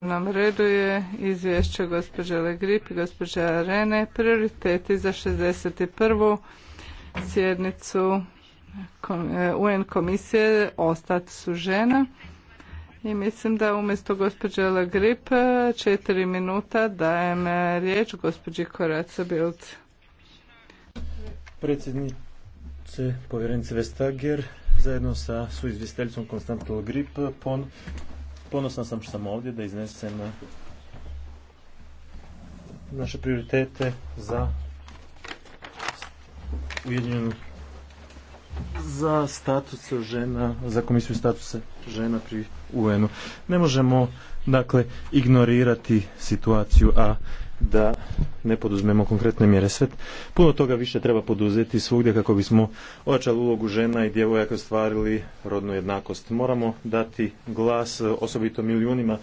nam redu je izvješće gospođe Legrip i gospođe Arene, prioriteti za 61. sjednicu e, UN komisije o su žena. I mislim da umjesto gospođe Legrip e, četiri minuta dajem e, riječ gospođi Koraca Bild. Predsjednice povjerenice Vestager zajedno sa suizvjesteljicom Konstantin Legrip pon Ponosan sam što sam ovdje da iznesem naše prioritete za za status žena, za komisiju statusa žena pri UN-u. Ne možemo dakle ignorirati situaciju, a da ne poduzmemo konkretne mjere. Sve, puno toga više treba poduzeti svugdje kako bismo ojačali ulogu žena i djevojaka stvarili rodnu jednakost. Moramo dati glas osobito milijunima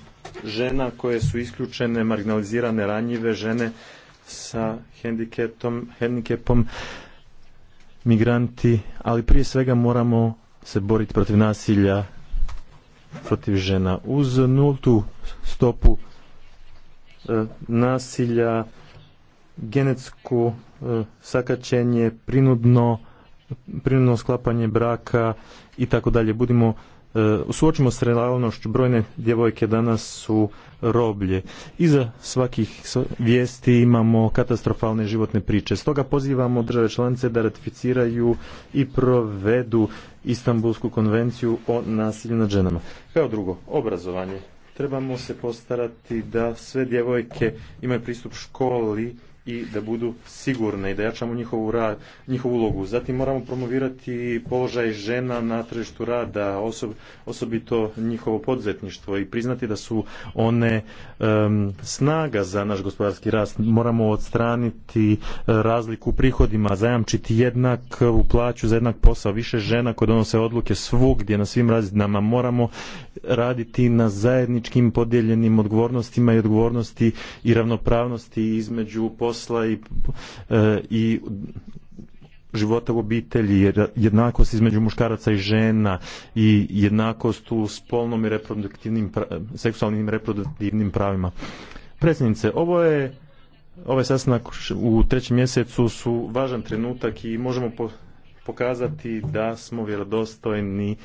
žena koje su isključene, marginalizirane, ranjive žene sa hendikepom, migranti, ali prije svega moramo se boriti protiv nasilja protiv žena. Uz nultu stopu e, nasilja genetsko e, sakačenje, prinudno, sklapanje braka i tako dalje. Budimo e, suočimo s realnošću brojne djevojke danas su roblje. Iza svakih vijesti imamo katastrofalne životne priče. Stoga pozivamo države članice da ratificiraju i provedu Istanbulsku konvenciju o nasilju nad ženama. Kao drugo, obrazovanje. Trebamo se postarati da sve djevojke imaju pristup školi i da budu sigurne i da jačamo njihovu, ra, njihovu ulogu. Zatim moramo promovirati položaj žena na tržištu rada, osobito njihovo podzetništvo i priznati da su one snaga za naš gospodarski rast. Moramo odstraniti eh, razliku u prihodima, zajamčiti jednak u plaću za jednak posao, više žena koje donose odluke svugdje na svim razinama. Moramo raditi na zajedničkim podijeljenim odgovornostima i odgovornosti i ravnopravnosti između i, e, i života u obitelji, jednakost između muškaraca i žena i jednakost u spolnom i reproduktivnim, seksualnim i reproduktivnim pravima. Predsjednice, ovo je ovaj sastanak u trećem mjesecu su važan trenutak i možemo pokazati da smo vjerodostojni.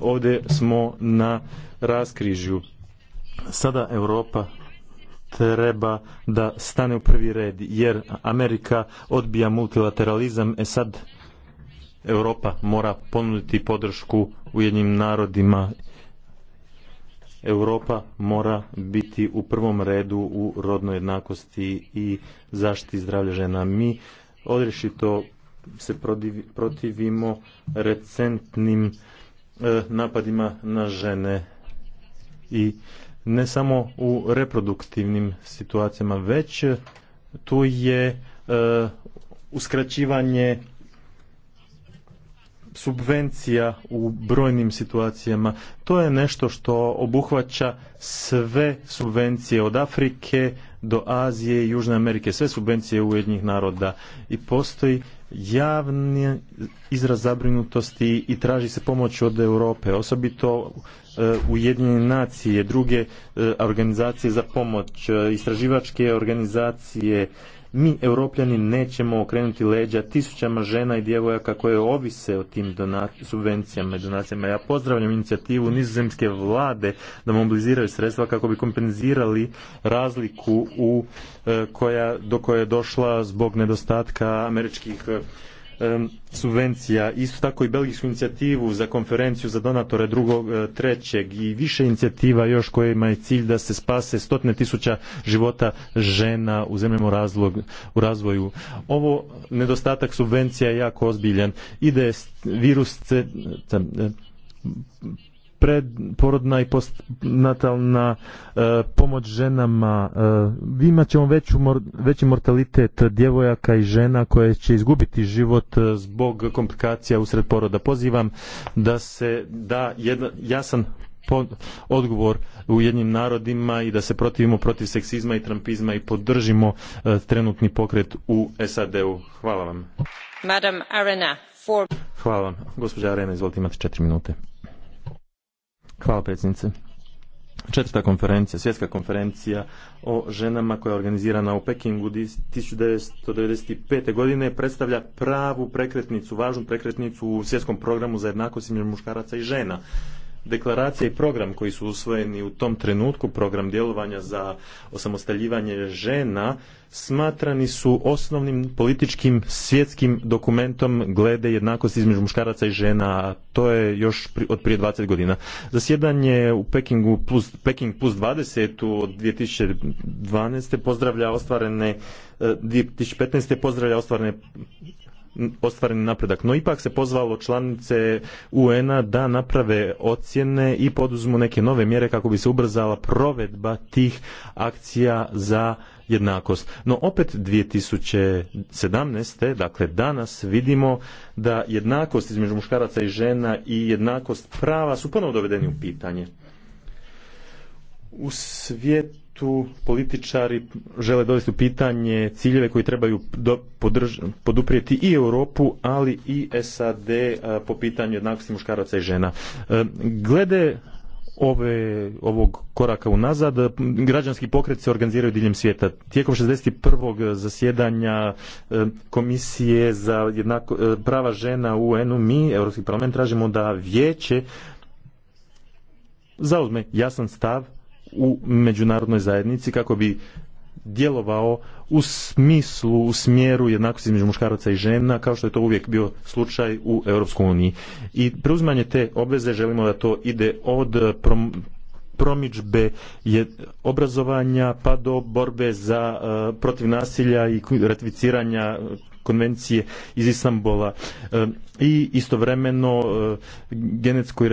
Ovdje smo na raskrižju. Sada Europa treba da stane u prvi red, jer Amerika odbija multilateralizam, e sad Europa mora ponuditi podršku jednim narodima. Europa mora biti u prvom redu u rodnoj jednakosti i zaštiti zdravlja žena. Mi odrešito se protivimo recentnim eh, napadima na žene i ne samo u reproduktivnim situacijama, već tu je e, uskraćivanje subvencija u brojnim situacijama. To je nešto što obuhvaća sve subvencije od Afrike do Azije i Južne Amerike, sve subvencije Ujedinjenih naroda i postoji javni izraz zabrinutosti i traži se pomoć od Europe, osobito e, Ujedinjene nacije, druge e, organizacije za pomoć, e, istraživačke organizacije, mi, europljani, nećemo okrenuti leđa tisućama žena i djevojaka koje ovise o tim subvencijama i donacijama. Ja pozdravljam inicijativu nizozemske vlade da mobiliziraju sredstva kako bi kompenzirali razliku u, e, koja, do koje je došla zbog nedostatka američkih e, subvencija, isto tako i belgijsku inicijativu za konferenciju za donatore drugog, e, trećeg i više inicijativa još kojima je cilj da se spase stotne tisuća života žena u zemljama u razvoju. Ovo nedostatak subvencija je jako ozbiljan. Ide virus e, predporodna i postnatalna e, pomoć ženama. E, imat ćemo veću, veći mortalitet djevojaka i žena koje će izgubiti život e, zbog komplikacija usred poroda. Pozivam da se da jedan, jasan odgovor u jednim narodima i da se protivimo protiv seksizma i trampizma i podržimo e, trenutni pokret u SAD-u. Hvala vam. Madam Arena, for... Hvala vam. Gospođa Arena, izvolite, imate četiri minute. Hvala predsjednice. Četvrta konferencija, svjetska konferencija o ženama koja je organizirana u Pekingu 1995. godine predstavlja pravu prekretnicu, važnu prekretnicu u svjetskom programu za jednakost između muškaraca i žena deklaracija i program koji su usvojeni u tom trenutku, program djelovanja za osamostaljivanje žena, smatrani su osnovnim političkim svjetskim dokumentom glede jednakosti između muškaraca i žena, a to je još od prije 20 godina. Zasjedanje u Pekingu plus, Peking plus 20 od 2012. pozdravlja ostvarene 2015. E, pozdravlja ostvarene ostvaren napredak. No ipak se pozvalo članice UN-a da naprave ocjene i poduzmu neke nove mjere kako bi se ubrzala provedba tih akcija za jednakost. No opet 2017. dakle danas vidimo da jednakost između muškaraca i žena i jednakost prava su ponovo dovedeni u pitanje u svijetu političari žele dovesti u pitanje ciljeve koji trebaju poduprijeti i Europu, ali i SAD po pitanju jednakosti muškaraca i žena. E, glede ove, ovog koraka unazad, građanski pokret se organiziraju diljem svijeta. Tijekom 61. zasjedanja e, Komisije za e, prava žena u UN-u mi, Europski parlament, tražimo da vijeće zauzme jasan stav u međunarodnoj zajednici kako bi djelovao u smislu, u smjeru jednakosti između muškaraca i žena, kao što je to uvijek bio slučaj u Europskoj uniji. I preuzimanje te obveze želimo da to ide od prom promidžbe obrazovanja pa do borbe za eh, protiv nasilja i ratificiranja konvencije iz Istambola i istovremeno e, genetsko i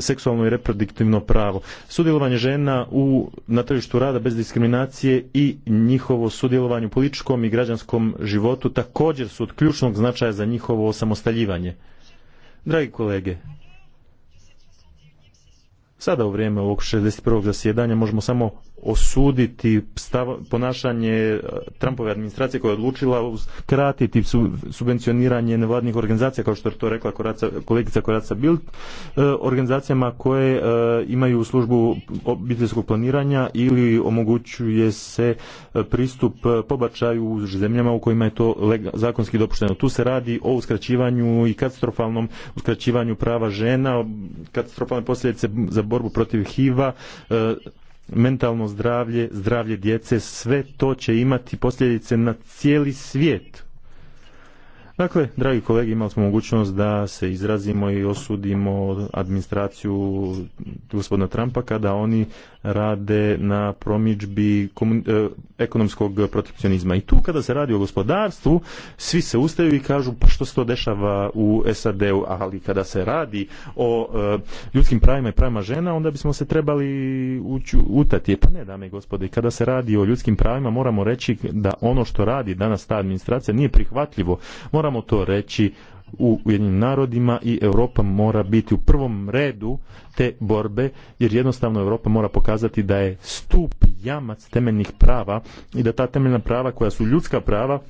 seksualno i reproduktivno pravo. Sudjelovanje žena u, na tržištu rada bez diskriminacije i njihovo sudjelovanje u političkom i građanskom životu također su od ključnog značaja za njihovo osamostaljivanje. Dragi kolege, sada u vrijeme ovog 61. zasjedanja možemo samo osuditi ponašanje eh, Trumpove administracije koja je odlučila kratiti subvencioniranje nevladnih organizacija, kao što je to rekla kolegica Koraca Bild, eh, organizacijama koje eh, imaju službu obiteljskog planiranja ili omogućuje se pristup pobačaju u zemljama u kojima je to zakonski dopušteno. Tu se radi o uskraćivanju i katastrofalnom uskraćivanju prava žena, katastrofalne posljedice za borbu protiv HIV-a, mentalno zdravlje, zdravlje djece, sve to će imati posljedice na cijeli svijet Dakle, dragi kolegi, imali smo mogućnost da se izrazimo i osudimo administraciju gospodina Trumpa kada oni rade na promičbi e, ekonomskog protekcionizma. I tu kada se radi o gospodarstvu, svi se ustaju i kažu pa što se to dešava u SAD-u, ali kada se radi o e, ljudskim pravima i pravima žena, onda bismo se trebali ući, utati. E, pa ne, dame i gospode, kada se radi o ljudskim pravima, moramo reći da ono što radi danas ta administracija nije prihvatljivo. Moramo moramo to reći u jednim narodima i Europa mora biti u prvom redu te borbe jer jednostavno Europa mora pokazati da je stup jamac temeljnih prava i da ta temeljna prava koja su ljudska prava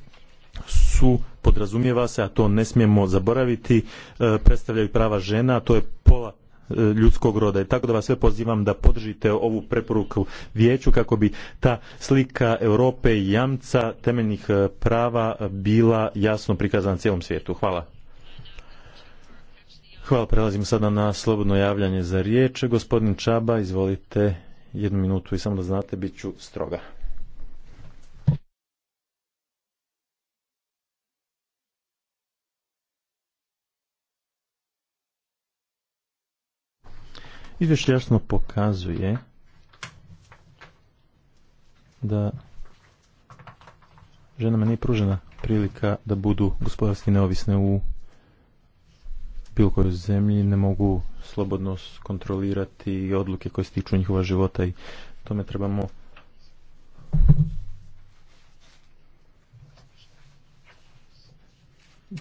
su podrazumijeva se, a to ne smijemo zaboraviti, e, predstavljaju prava žena, a to je pola ljudskog roda. I tako da vas sve pozivam da podržite ovu preporuku vijeću kako bi ta slika Europe i jamca temeljnih e, prava bila jasno prikazana cijelom svijetu. Hvala. Hvala, prelazimo sada na slobodno javljanje za riječ. Gospodin Čaba, izvolite jednu minutu i samo da znate, bit ću stroga. Izvješće jasno pokazuje da ženama nije pružena prilika da budu gospodarski neovisne u bilo kojoj zemlji, ne mogu slobodno kontrolirati odluke koje se tiču njihova života i tome trebamo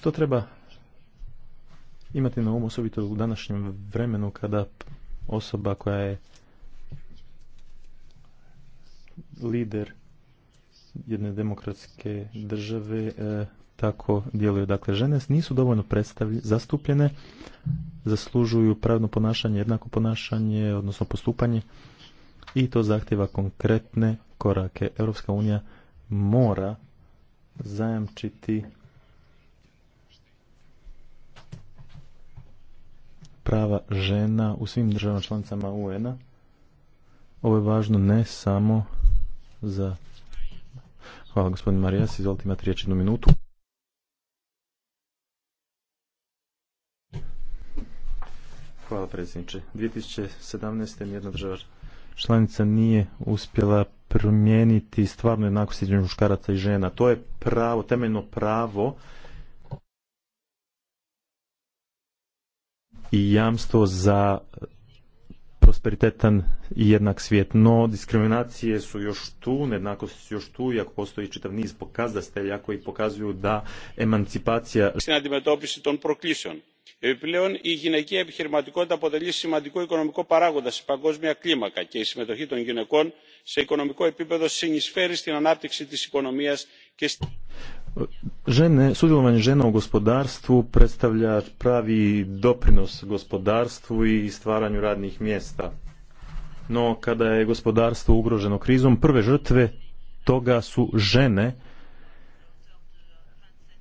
to treba imati na umu osobito u današnjem vremenu kada osoba koja je lider jedne demokratske države e, tako djeluje Dakle, žene nisu dovoljno zastupljene, zaslužuju pravno ponašanje, jednako ponašanje, odnosno postupanje i to zahtjeva konkretne korake. Europska unija mora zajamčiti prava žena u svim državama članicama UN-a. Ovo je važno ne samo za... Hvala gospodin Marijas, izvolite imati riječ jednu minutu. Hvala predsjedniče. 2017. jedna država članica nije uspjela promijeniti stvarno jednakost između muškaraca i žena. To je pravo, temeljno pravo i jamstvo za prosperitetan i jednak svijet. No, diskriminacije su još tu, nejednakosti su još tu, iako postoji čitav niz pokazatelja koji pokazuju da emancipacija... ...στην αντιμετώπιση των proklisjon. Επιπλέον, η γυναική επιχειρηματικότητα αποτελεί σημαντικό οικονομικό παράγοντα σε παγκόσμια κλίμακα και η συμμετοχή των γυναικών σε οικονομικό επίπεδο συνεισφέρει στην ανάπτυξη τη οικονομία και... Žene, sudjelovanje žena u gospodarstvu predstavlja pravi doprinos gospodarstvu i stvaranju radnih mjesta. No, kada je gospodarstvo ugroženo krizom, prve žrtve toga su žene,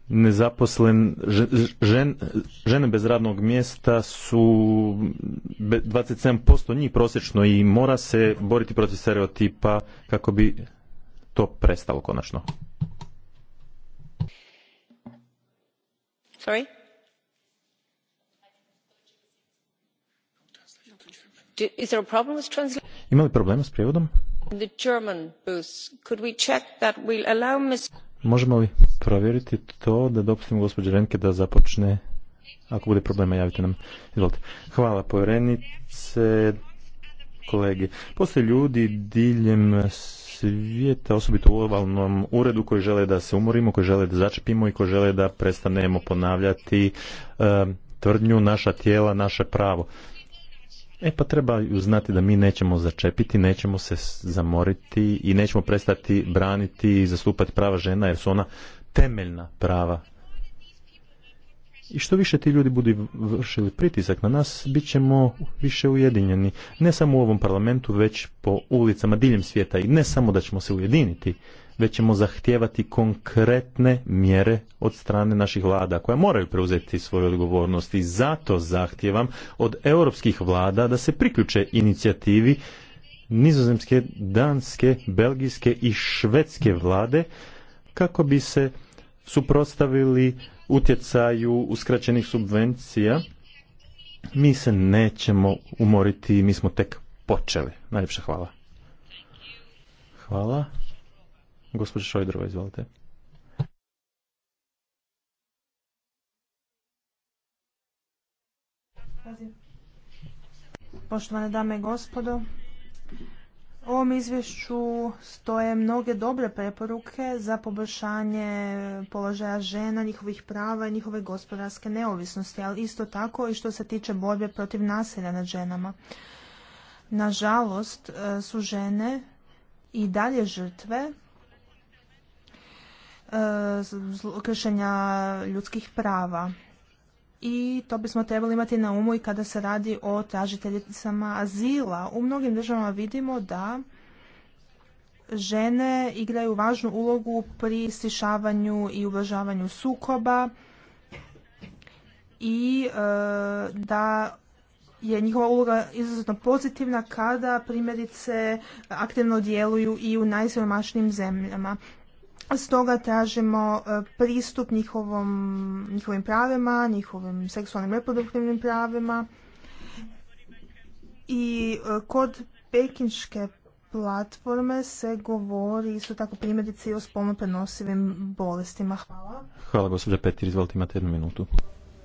nezaposlen, žene bez radnog mjesta su 27% njih prosječno i mora se boriti protiv stereotipa kako bi to prestalo konačno. sorry is ima li problema s prijevodom the možemo li provjeriti to da dopustimo gospođi Renke da započne ako bude problema javite nam izvolite hvala povjerenice kolege. Postoje ljudi diljem svijeta, osobito u ovalnom uredu koji žele da se umorimo, koji žele da začepimo i koji žele da prestanemo ponavljati tvrdnju naša tijela, naše pravo. E pa treba znati da mi nećemo začepiti, nećemo se zamoriti i nećemo prestati braniti i zastupati prava žena jer su ona temeljna prava i što više ti ljudi budu vršili pritisak na nas, bit ćemo više ujedinjeni. Ne samo u ovom parlamentu, već po ulicama diljem svijeta. I ne samo da ćemo se ujediniti, već ćemo zahtijevati konkretne mjere od strane naših vlada, koja moraju preuzeti svoju odgovornost. I zato zahtijevam od europskih vlada da se priključe inicijativi nizozemske, danske, belgijske i švedske vlade kako bi se suprotstavili utjecaju uskraćenih subvencija. Mi se nećemo umoriti, mi smo tek počeli. Najljepša hvala. Hvala. Gospođa Šojdrova, izvolite. Poštovane dame i gospodo, ovom izvješću stoje mnoge dobre preporuke za poboljšanje položaja žena, njihovih prava i njihove gospodarske neovisnosti, ali isto tako i što se tiče borbe protiv nasilja nad ženama. Nažalost e, su žene i dalje žrtve e, kršenja ljudskih prava i to bismo trebali imati na umu i kada se radi o tražiteljicama azila. U mnogim državama vidimo da žene igraju važnu ulogu pri stišavanju i ublažavanju sukoba i e, da je njihova uloga izuzetno pozitivna kada primjerice aktivno djeluju i u najsiromašnijim zemljama. Stoga tražimo e, pristup njihovom, njihovim pravima, njihovim seksualnim reproduktivnim pravima i e, kod pekinške platforme se govori isto tako primjerice i o spolno bolestima. Hvala. Hvala gospođa Petir, izvolite imate jednu minutu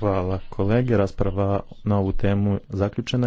Hvala kolege. Rasprava na ovu temu zaključena je.